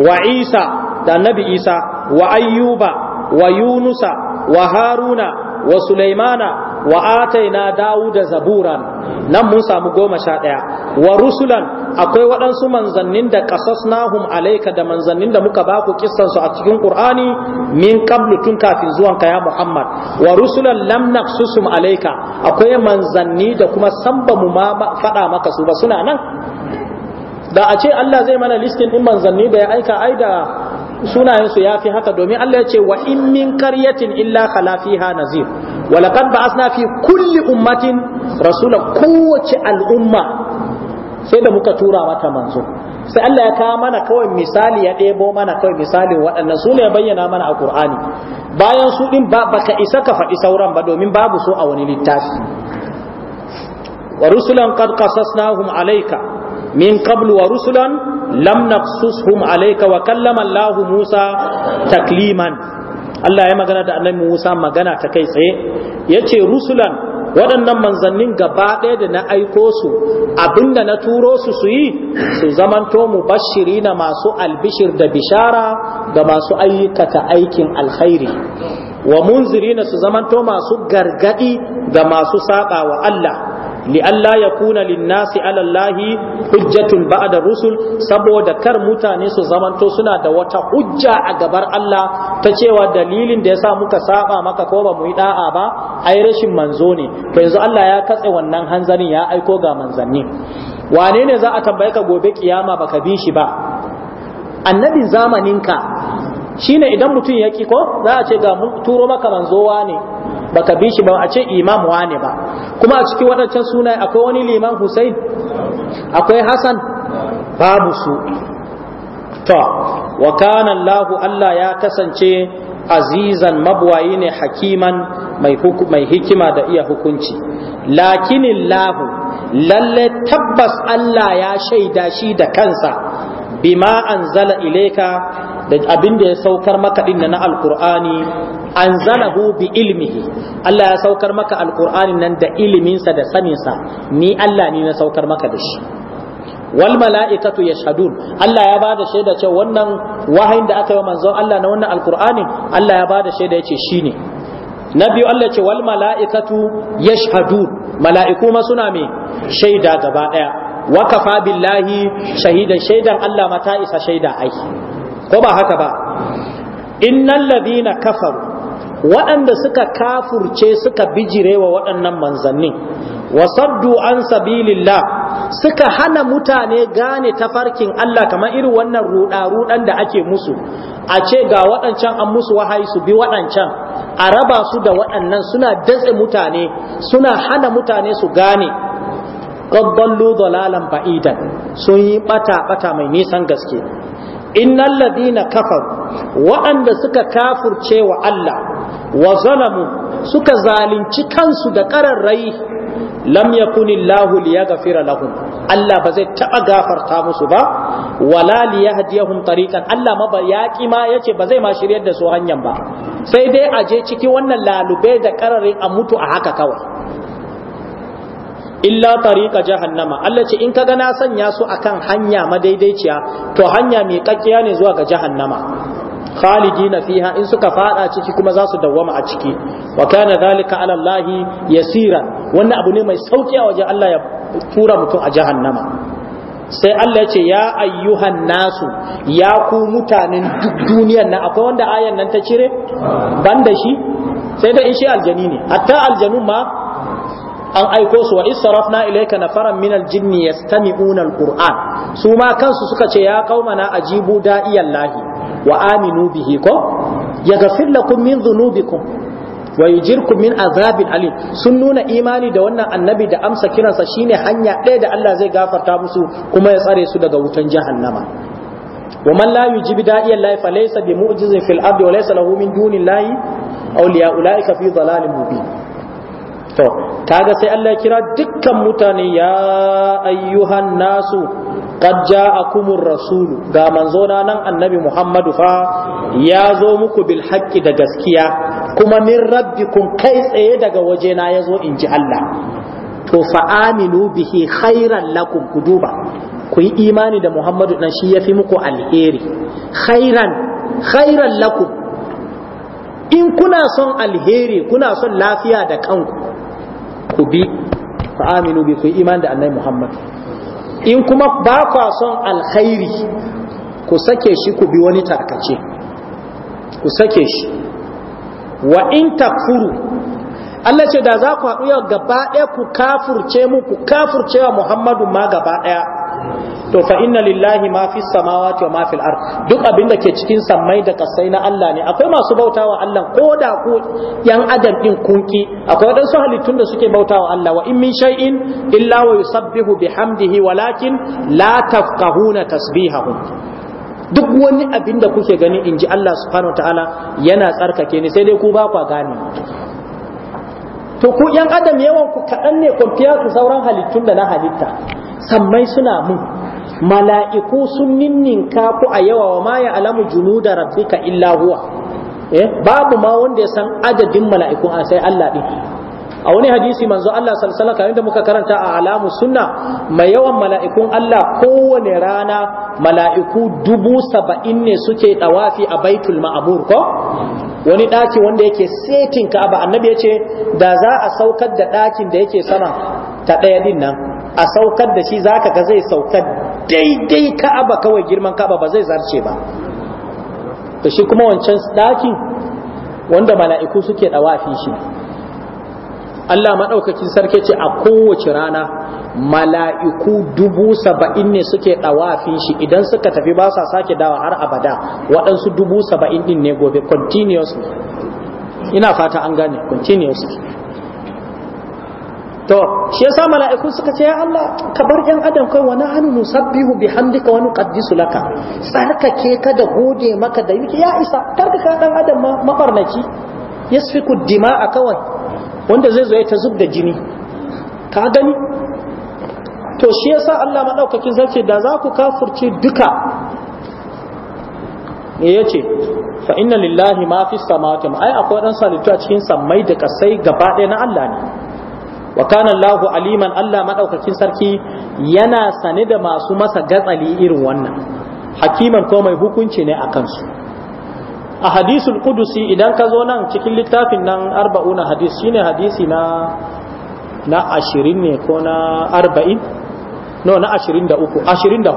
wa isa da annabi isa wa ayyuba wa yunusa wa haruna wa sulaimana wa ataina dawuda zaburan nan mun samu goma sha ɗaya wa rusulan akwai waɗansu manzannin da qasasnahum alaika da manzannin da muka baku kissan su a cikin qur'ani min qablu tun kafin zuwan ka ya muhammad wa rusulan lam naqsusum alayka akwai manzanni da kuma san ba mu ma faɗa maka su ba suna nan da a ce Allah zai mana listin din manzanni da ya aika aida? sunayensu ya fi haka domin Allah ya ce wa in min karyatin illa khala fiha nazir wa laqad ba'athna fi kulli ummatin rasula kowace al'umma sai da muka tura mata manzo sai Allah ya kawo mana kawai misali ya ɗebo mana kawai misalin waɗannan su ne bayyana mana a qur'ani bayan su ɗin ba baka isa ka faɗi sauran ba domin babu su a wani littafi wa rusulan qad qasasnahum alayka min qablu wa rusulan lam naqsushum alaika wa kallamallahu Musa takliman Allah ya magana da annabi Musa magana ta kai tsaye yace rusulan waɗannan manzannin gaba ɗaya da na aiko su abinda na turo su su yi su zamanto mu bashiri masu albishir da bishara da masu ayyukata aikin alkhairi wa munziri na su zamanto masu gargadi da masu saba wa Allah li'alla yakuna linnasi ala Allahi hujjatun ba'da rusul saboda kar mutane su zamanto suna da wata hujja a gabar Allah ta cewa dalilin da ya sa muka saba maka ko ba mu yi da'a ba ai rashin manzo ne to yanzu Allah ya katse wannan hanzarin ya aiko ga manzanni Wanene za a tambaye ka gobe ƙiyama baka bi shi ba annabin zamaninka shine idan mutum ya ki ko za a ce ga turo maka manzowa ne baka bi shi ba a ce imam wane ba kuma a cikin waɗancan sunaye akwai wani liman Hussein akwai Hassan babu su to wa kana Allah Allah ya kasance azizan mabwayi ne hakiman mai mai hikima da iya hukunci lakinin lahu lalle tabbas Allah ya shaida shi da kansa bima anzala ilayka da abin da ya saukar maka din na alkur'ani anzalahu bi ilmihi Allah ya saukar maka alkur'ani nan da iliminsa da saninsa ni Allah ne na saukar maka da shi wal mala'ikatu yashhadun Allah ya bada shaida cewa wannan wahayin da aka yi manzo Allah na wannan alkur'ani Allah ya bada shaida yace shine na biyu Allah ce wal mala'ikatu yashhadun mala'iku ma suna me shaida gaba daya wa kafa billahi shahidan shaidan Allah mata isa shaida ai ko ba haka ba innal ladina kafaru waɗanda suka kafurce suka bijirewa waɗannan manzannin wasaddu an sabilillah suka hana mutane gane tafarkin Allah kamar irin wannan ruɗa-ruɗan da ake musu a ce ga waɗancan an musu wahayi su bi waɗancan a raba su da waɗannan suna datse mutane suna hana mutane su gane ƙabballu dalalan ba'idan sun yi ɓata-ɓata mai nisan gaske innal ladina kafar waɗanda suka kafurce wa Allah wa zalamu suka zalunci kansu da ƙararrai lam yakunillahu liyaghfira lahum Allah ba zai taɓa gafarta musu ba wala liyahdiyahum tariqan Allah ma ba yaki ma yace ba zai ma shiryar da su hanyar ba sai dai a je ciki wannan lalube da ƙararin a mutu a haka kawai illa tariqa jahannama Allah ce in ka ga na sanya su akan hanya madaidaiciya to hanya mai kakkiya ne zuwa ga jahannama khalidina fiha in suka fada ciki kuma za su dawwama a ciki wa kana dhalika ala Allah yasira wannan abu ne mai sauki a wajen Allah ya tura mutum a jahannama sai Allah ya ce ya ayyuhan nasu ya ku mutanen duk duniyar nan akwai wanda ayan nan ta cire ban da shi sai da in shi aljani ne hatta aljanun ma an aiko su wa israfna ilayka nafaran min aljinni yastami'una alquran su ma kansu suka ce ya qaumana ajibu da'iyallahi wa aminu bihi ko yaghfir lakum min dhunubikum wa yujirkum min azabin alim sun nuna imani da wannan annabi da amsa kiransa shine hanya ɗaya da Allah zai gafarta musu kuma ya tsare su daga wutan jahannama wa man la yujibu da'iyan lahi fa bi mu'jizin fil ardi wa laysa lahu min duni awliya ulaika fi dhalalin mubin to kaga sai Allah ya kira dukkan mutane ya ayyuhan nasu qad ja'akumur rasul ga manzo na nan annabi Muhammadu fa ya zo muku bil haqqi da gaskiya kuma min rabbikum kai tsaye daga waje na yazo in ji Allah to fa aminu bihi khairan lakum ku duba ku yi imani da Muhammadu dan shi yafi muku alheri khairan khairan lakum in kuna son alheri kuna son lafiya da kanku ku bi fa aminu bi ku iman da annabi Muhammad in kuma ba kwa son alkhairi ku sake shi ku bi wani tarkace ku sake shi wa in takfuru Allah ce da za ku haɗu yau gaba ɗaya ku kafurce mu ku kafurcewa Muhammadu ma gaba ɗaya to fa inna lillahi ma fi samawati wa ma fil ard duk abinda ke cikin sammai da kasai na Allah ne akwai masu bautawa Allah ko da yan adam din kunki akwai wadansu halittun da suke bautawa Allah wa in min shay'in illa wa yusabbihu bihamdihi walakin la tafqahuna tasbihahum duk wani abinda kuke gani in ji Allah subhanahu wa ta'ala yana tsarkake ni sai dai ku ba kwa gane to ku yan adam yawan ku kaɗan ne kwamfiya sauran halittun da na halitta sammai suna mu mala'iku sun ninninka ku a yawa wa ma ya alamu junuda rabbika illa huwa eh babu ma wanda ya san adadin mala'ikun a sai Allah din a wani hadisi manzo Allah sallallahu alaihi muka karanta a alamu sunna mai yawan mala'ikun Allah kowane rana mala'iku dubu saba'in ne suke dawafi a baitul ma'mur ko wani ɗaki wanda yake setin ba annabi yace da za a saukar da dakin da yake sama ta ɗaya din nan a saukar da shi zaka ga zai sauka daidai ka'aba kawai girman ka'aba ba zai zarce ba to shi kuma wancan daki wanda mala'iku suke ɗawafi shi Allah maɗaukakin sarki ce a kowace rana mala'iku dubu saba'in ne suke fi shi idan suka tafi ba sa sake dawa har abada waɗansu dubu saba'in ɗin ne gobe continuously ina fata an gane continuously to shi yasa mala'iku suka ce ya Allah ka bar yan adam kai wani hannu nusabbihu bihamdika wa nuqaddisu laka tsarkake ka da gode maka da yake ya isa tarka ka dan adam mabarnaci yasfiku dima'a kawai wanda zai zo ya ta zub da jini ka gani to shi yasa Allah madaukakin zace da za ku kafurce duka ne yace fa inna lillahi ma fi samawati ai akwai dan salitu a cikin sammai da kasai gaba ɗaya na Allah ne wa kana Allahu aliman Allah madaukakin sarki yana sane da masu masa gatsali irin wannan hakiman ko mai hukunci ne a kansu a hadisul qudusi idan ka zo nan cikin littafin nan arba'una hadis shine hadisi na na ashirin ne ko na arba'in no na ashirin da uku ashirin da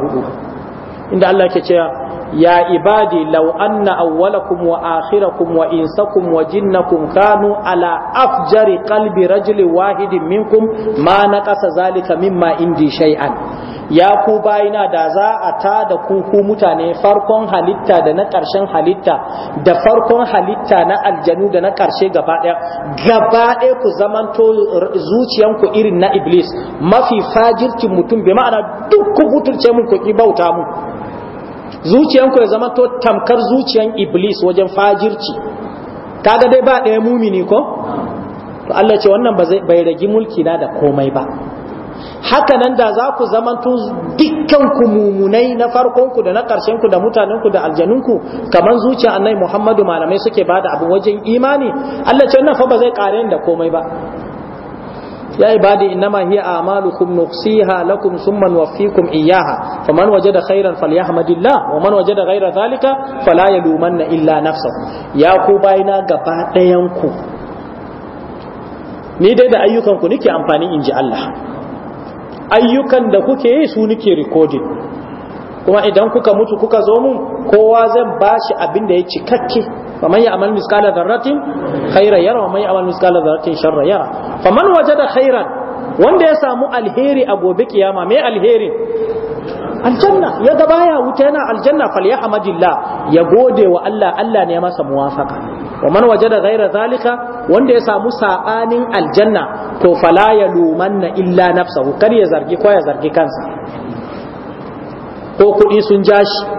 inda Allah ke cewa Ya ibadi lauanna يا عبادي wa أن أولكم وآخركم وإنسكم وجنكم كانوا على أفجر قلب رجل واحد منكم ما نقص ذلك مما عندي شيئا ya ku bayina da za a ta da kuku mutane farkon halitta da na karshen halitta da farkon halitta na aljanu da na ƙarshe gabaɗaya, gabaɗaya ku zamanto zuciyanku irin na iblis mafi fajircin mutum bai ma'ana duk ku mutunce mun ku ki bauta mu zuciyanku ya zama to tamkar zuciyan iblis wajen fajirci kaga dai ba ɗaya mumini ko to Allah ce wannan bai ragi mulki na da komai ba haka nan da za ku zama tun dukkanku mumunai na farkonku da na ƙarshenku da mutanenku da aljanunku kamar zuciya annai muhammadu malamai suke bada da abu wajen imani allah ce wannan fa ba zai ƙare da komai ba ya ibadi innama hiya a'malukum nuqsiha lakum thumma nuwaffikum iyyaha faman wajada khairan falyahmadillah wa man wajada ghaira zalika fala yalumanna illa nafsahu ya ku bayina gaba dayan ku ni dai da ayyukan ku nake amfani in ji Allah ayyukan da kuke yi su rikodin kuma idan kuka mutu kuka zo mun kowa zan bashi abin da ya cikakke faman ya amal miskala dharratin khairan yara wa man ya amal miskala dharratin sharra yara faman wajada khairan wanda ya samu alheri a gobe kiyama me alherin aljanna ya ga baya wuta yana aljanna falyahmadillah ya gode wa Allah Allah ne masa muwafaka wa man wajada ghaira zalika wanda ya samu sabanin aljanna to fala ya lumanna illa nafsahu kar ya zargi ko ya zargi kansa ko kuɗi sun jashi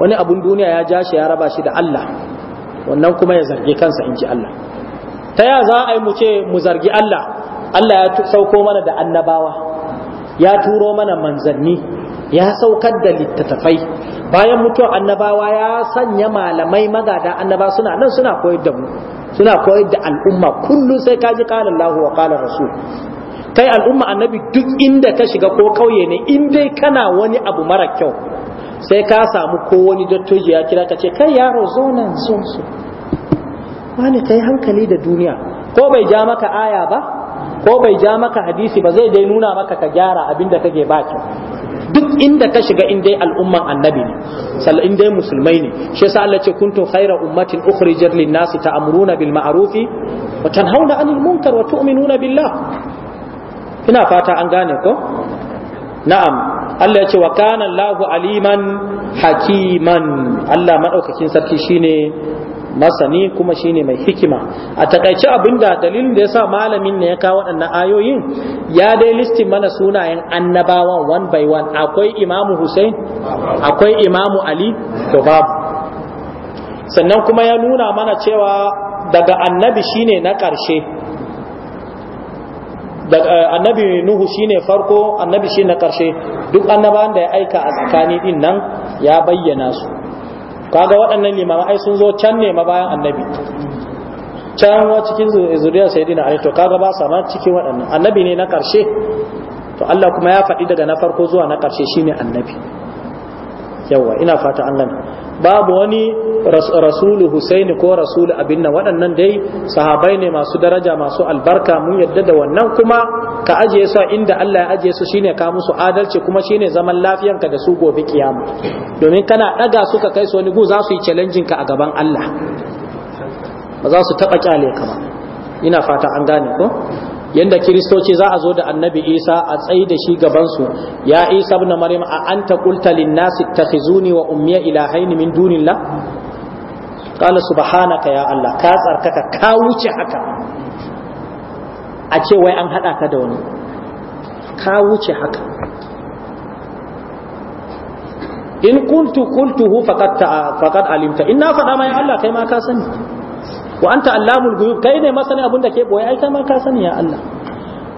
wani abun duniya ya ja shi ya raba shi da Allah wannan kuma ya zargi kansa in ji Allah ta ya za a yi mu ce mu zargi Allah Allah ya sauko mana da annabawa ya turo mana manzanni ya saukar da littattafai bayan mutuwar annabawa ya sanya malamai magada annaba suna nan suna koyar da mu suna koyar da al'umma kullum sai ka ji qala Allahu wa qala rasul kai al'umma annabi duk inda ka shiga ko kauye ne in dai kana wani abu mara kyau sai ka samu ko wani dattoji ya kira ka ce kai yaro zo zo su wani kai hankali da duniya ko bai ja maka aya ba ko bai ja maka hadisi ba zai dai nuna maka ka gyara abin da kake baki duk inda ka shiga in dai al'umman annabi ne sal in dai musulmai ne shi yasa Allah ce kuntum khayra ummatin ukhrijat lin nasi ta'muruna bil ma'rufi wa tanhauna 'anil munkar wa tu'minuna billah ina fata an gane ko na'am Allah ya ce wa kana Allahu aliman hakiman Allah madaukakin sarki shine masani kuma shine mai hikima a takaice abinda dalilin da yasa malamin ne ya kawo waɗannan ayoyin ya dai listin mana sunayen annabawan one by one akwai imamu Hussein akwai imamu Ali to babu sannan kuma ya nuna mana cewa daga annabi shine na ƙarshe Eh, annabi nuhu shine farko annabi shine karshe duk annaba da ya aika a tsakani din nan ya bayyana su kaga waɗannan limama ai sun zo can ne ma bayan annabi can wa cikin zuriyar sayyidina ali to kaga ba sa cikin waɗannan annabi ne na karshe to Allah kuma ya faɗi daga na farko zuwa na karshe shine annabi yawa ina fata an gane babu wani rasulu Hussaini ko rasulu abin nan waɗannan dai sahabai ne masu daraja masu albarka mun yadda da wannan kuma ka ajiye su inda Allah ya ajiye su shine ka musu adalci kuma shine zaman lafiyanka da su gobe kiyama domin kana ɗaga su ka kai su wani gu za su yi challenging ka a gaban Allah ba za su taɓa kyale ka ba ina fata an gane ko yanda kiristoci za a zo da annabi isa a tsayi da shi gabansu ya isa ibn maryam a anta qulta lin nasi takhizuni wa ummiya ilahain min Kala su bahanaka ya allah ka tsarkaka ka wuce haka a ce wai an hada ka da wani ka wuce haka in kuntu qultuhu faqad faqad alimta in na faɗa mai allah kai ma ka sani wa anta allamul ghuyub kai ne masani abin da ke boye ai kai ma ka sani ya Allah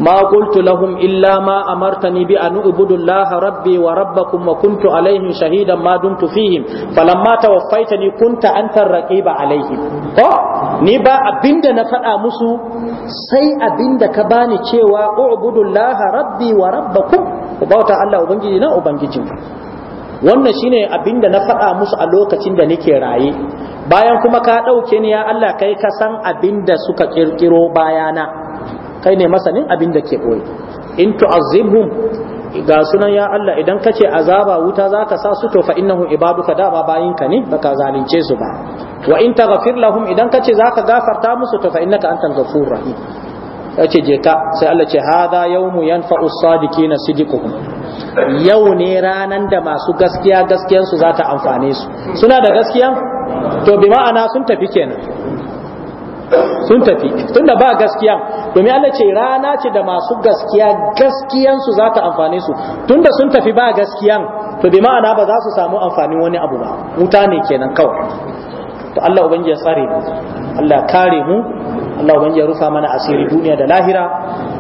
ma qultu lahum illa ma amartani bi an ubudu Allah rabbi wa rabbakum wa kuntu alaihim shahidan ma dumtu fihim falamma tawaffaytani kunta anta raqiba alaihim to ni ba abinda na faɗa musu sai abinda ka bani cewa ubudu Allah rabbi wa rabbakum ku Allah ubangiji na wannan shine abin da na faɗa musu a lokacin da nake raye bayan kuma ka ɗauke ni ya Allah kai ka san abin da suka ƙirƙiro bayana kai ne masanin abin da ke ɓoye in tu'azzibhum ga sunan ya Allah idan kace azaba wuta zaka sa su to fa innahu ibaduka da ba ka ne baka zalunce su ba wa in taghfir lahum idan kace zaka gafarta musu to fa innaka antal ghafurur rahim ya ce je ta sai Allah ce hadha yawmu yanfa'u sadiqina sidiquhum yau ne ranan da masu gaskiya gaskiyansu za ta amfane su suna da gaskiya to bi ma'ana sun tafi kenan sun tafi tunda ba gaskiya domin Allah ce rana ce da masu gaskiya gaskiyansu za ta amfane su tunda sun tafi ba gaskiyan to bi ma'ana ba za su samu amfanin wani abu ba wuta ne kenan kawai to Allah ubangiji ya tsare mu Allah kare mu Allah ubangiji ya rufa mana asiri duniya da lahira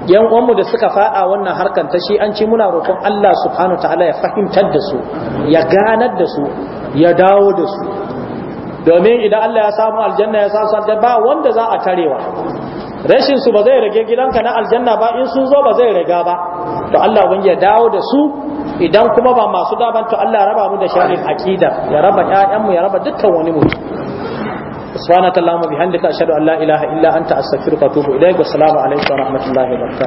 yan uwanmu da suka fada wannan harkan ta shi an ce muna roƙon Allah subhanahu ta'ala ya fahimtar da su ya ganar da su ya dawo da su domin idan Allah ya samu aljanna ya samu aljanna ba wanda za a tarewa rashin su ba zai rage gidanka na aljanna ba in sun zo ba zai riga ba to Allah ubangiji ya dawo da su idan kuma ba masu daban to Allah ya raba mu da sharin aqida ya raba ƴaƴanmu ya raba dukkan wani mutum subhanaka allahumma bihamdika ashhadu an la ilaha illa anta astaghfiruka wa atubu ilaik wa assalamu alaikum rahmatullahi